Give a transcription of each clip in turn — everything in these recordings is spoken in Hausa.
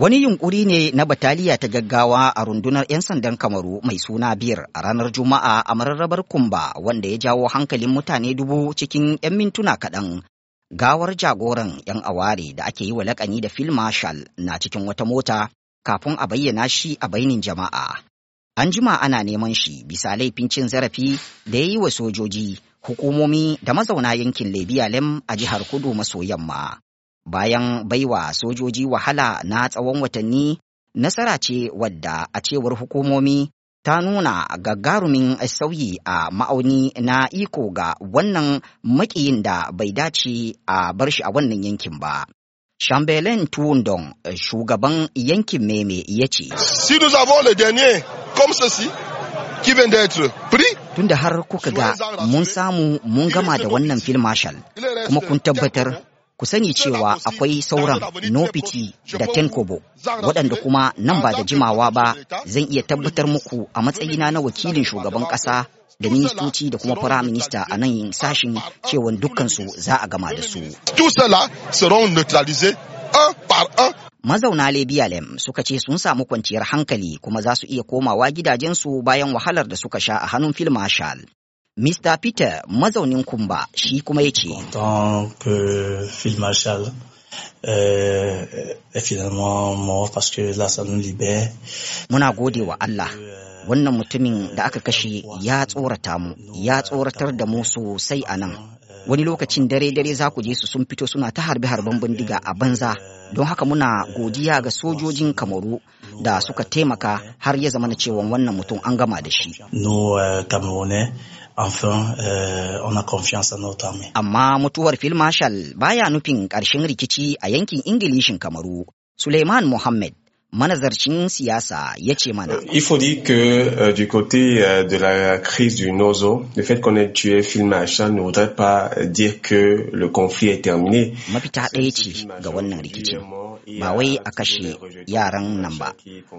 Wani yunkuri ne na bataliya ta gaggawa a rundunar 'yan sandan Kamaru mai suna biyar a ranar Juma'a a mararrabar Kumba wanda ya jawo hankalin mutane dubu cikin 'yan mintuna kaɗan. Gawar jagoran 'yan aware da ake yi wa laƙani da Phil Marshall na cikin wata mota kafin a bayyana shi a bainin jama'a. An jima ana neman shi bisa laifin cin zarafi da ya yi wa sojoji, hukumomi da mazauna yankin Lebiya Lem a jihar Kudu maso yamma. Bayan baiwa sojoji wahala na tsawon watanni, nasara ce wadda a cewar hukumomi ta nuna gagarumin sauyi a ma'auni na iko ga wannan makiyin da bai dace a bar shi a wannan yankin ba. Shambelen Tuwundon, shugaban yankin Meme ya ce, Si nous avons le dernier, comme ceci, qui vient d'être pris, tunda har kuka ga mun samu mun gama da wannan fil marshal kuma kun tabbatar ku sani cewa akwai sauran nofiti da tenkobo waɗanda kuma nan ba da jimawa ba zan iya tabbatar muku a matsayina na wakilin shugaban ƙasa da ministoci da kuma fara minista a nan yin sashin cewan dukkansu za a gama da su. Mazauna Lebialem suka ce sun samu kwanciyar hankali kuma za su iya komawa gidajensu bayan wahalar da suka sha a hannun Phil Marshall. Mr. Peter mazaunin Kumba shi kuma ya ce. Euh, muna gode wa Allah euh, wannan mutumin da aka kashe ya tsorata mu ya tsoratar da mu sosai a nan euh, wani lokacin dare-dare za ku je su sun fito suna ta harbe-harben bindiga a banza don haka muna godiya ga sojojin kamaru da suka taimaka har ya zama na cewa wannan mutum an gama da shi. Euh, enfin, euh, on a confiance Amma mutuwar Phil Marshall baya nufin ƙarshen rikici a yankin Ingilishin Kamaru. Suleiman Mohammed manazarcin siyasa ya ce mana. Il faut euh, du côté euh, de la crise du Nozo, le fait qu'on ait tué Phil ne voudrait pas dire que le conflit est terminé. Mafita ɗaya ce ga wannan rikicin. Ba wai a kashe yaran nan ba.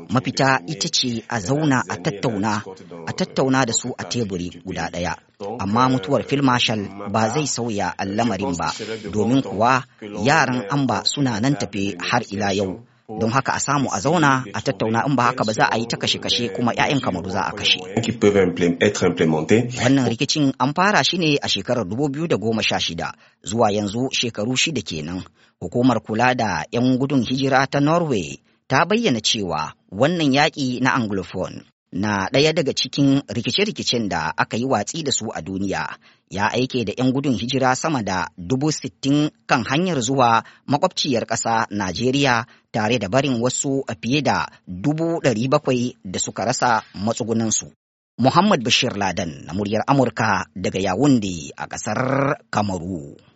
Mafita ita ce a zauna a tattauna, a tattauna da su a teburi guda ɗaya. Amma mutuwar Phil Marshall ba zai sauya al'amarin ba, domin kuwa yaran an ba suna nan tafe har ila yau. don haka a samu a zauna a tattauna in ba haka ba za a yi ta kashe-kashe kuma 'ya'yan kamaru za a kashe. Wannan rikicin an fara shi ne a shekarar 2016 zuwa yanzu shekaru shida kenan. Hukumar kula da 'yan gudun hijira ta Norway ta bayyana cewa wannan yaƙi na Anglophone na ɗaya daga cikin rikice-rikicen da aka yi watsi da su a duniya ya aike da 'yan gudun hijira sama da dubu sittin kan hanyar zuwa makwabciyar ƙasa Najeriya tare da barin wasu a fiye da dubu ɗari bakwai da suka rasa matsugunansu. Muhammad Bashir Ladan na muryar Amurka daga Yawunde a ƙasar Kamaru.